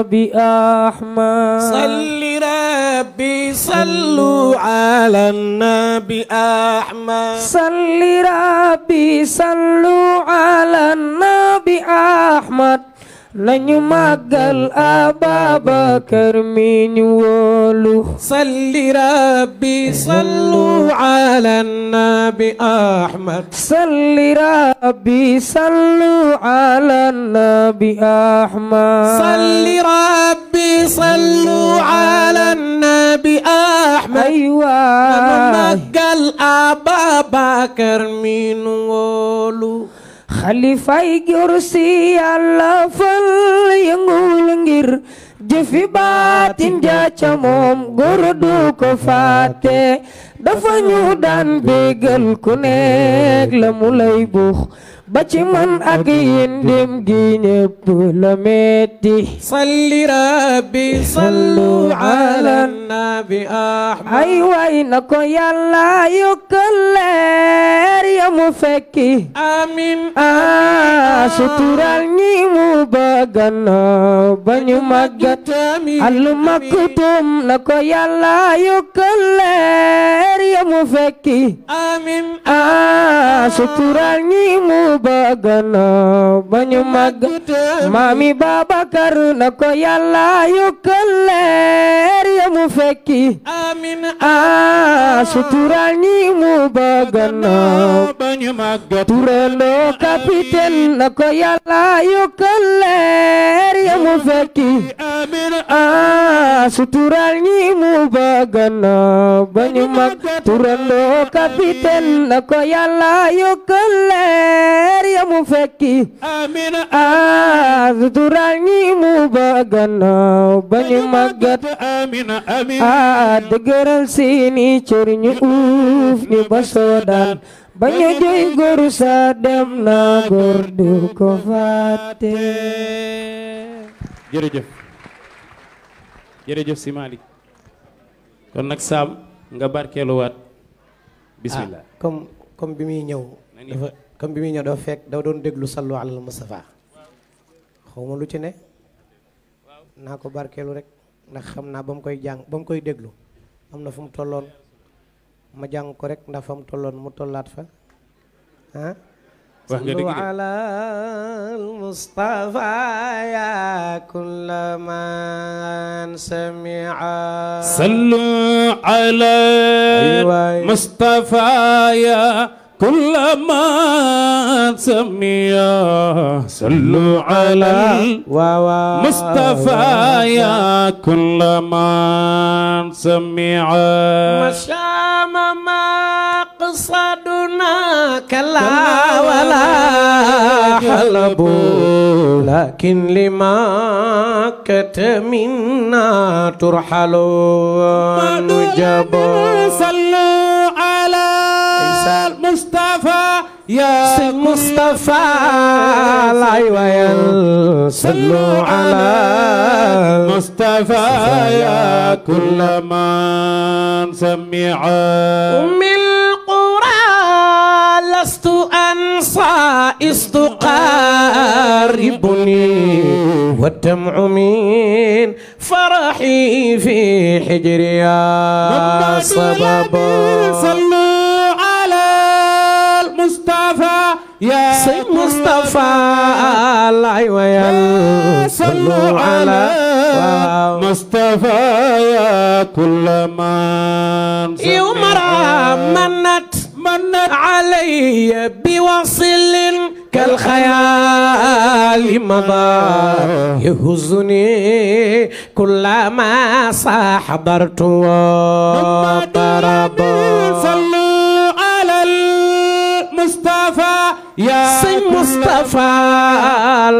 النبي أحمد صل ربي صلوا على النبي أحمد صل ربي صلوا على النبي أحمد lañu màggal Ababakar mi ñu wóolu salli rabbi sallu ala nabi Ahmad salli rabbi sallu ala nabi Ahmad salli rabbi sallu ala nabi Ahmad aywa lañu màggal Ababakar mi ñu wóolu xalifay gursi Yàlla fa jëfi baatin ja ca moom góor du ko fàtte dafa ñu daan bégal ku nekk la mu lay buux ba ci man ak yindem gi ñépp la metti salli rabbi sallu ala ay way na ko yàlla yokkal ya mu fekki amin sutural ñi mu bagana ba ñu allu maktum na ko yàlla yokkal leer ya mu fekki amin ah, sutural ñi mu a na ba ñu màgg maami Babakar na ko yàlla yokkal mu fekki amin a sutural ñi mu bëgga na bañu màggat turandoo capitaine na ko yàlla yokkal leer ya mu fekki amin sutural ñi mu bëgga na bañu màggat turandoo capitaine na ko yàlla yokkal leer ya mu fekki amin sutural ñi mu bëgga na bañu màggat amin ah dëgëral seeni cër ñu uuf ni ba soodaan ba ñu jëy góoru sa dem na góor du ko fàtte jërëjëf jërëjëf si Malick kon nag Sam nga barkeeluwaat bismillah ah, comme comme bi muy ñëw dafa comme bi muy ñëw dafa fekk dafa doon déglu sallu alal Mustafa xaw ma lu ci ne naa ko barkeelu rek ndax xam naa ba mu koy jàng ba mu koy déglu am na fu mu tolloon ma jàng ko rek ndax fa mu tolloon mu tollaat fa ah wax nga dëgg ala Mustafa ya kullaman samia sallu ala Mustafa ya kullaman سميا صلوا على مصطفى يا كل من سمع مشام ما قصدنا كلا ولا حلب لكن لما كتمنا ترحل نجب صلوا على يا مصطفى لاي ويل صلوا على مصطفى يا كل من سمع أم القرى لست أنسى استقاربني والدمع من فرحي في حجري يا صبابا المصطفى يا سيد مصطفى الله ويل صلوا على مصطفى يا كل من يوم منت منت علي بوصل كالخيال مضى يهزني كلما صاحبرت وضربت sëñ Moustapha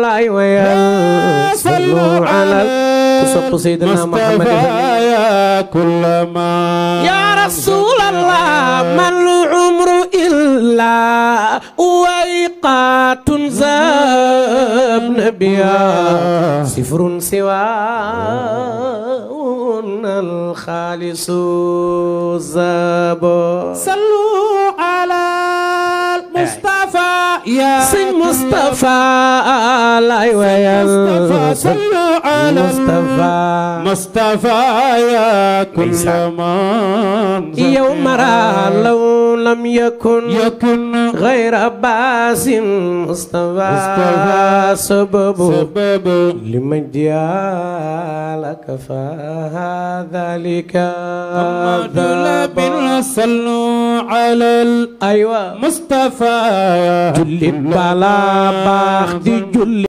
lay wayal sallu ala ku sopp Seydina Muhammad ya kullama ya rasulallah man lu umru illa wayqat zab nabiya sifrun siwa al khalis zab sallu sëñ Moustapha lay wayal Moustapha Moustapha yaa kulla man yow mara law lam yakun yakun ghayra baasin Moustapha sababu لمجيالك فهذا لك صلوا على الأيوة مصطفى jullit balaa baax di jullit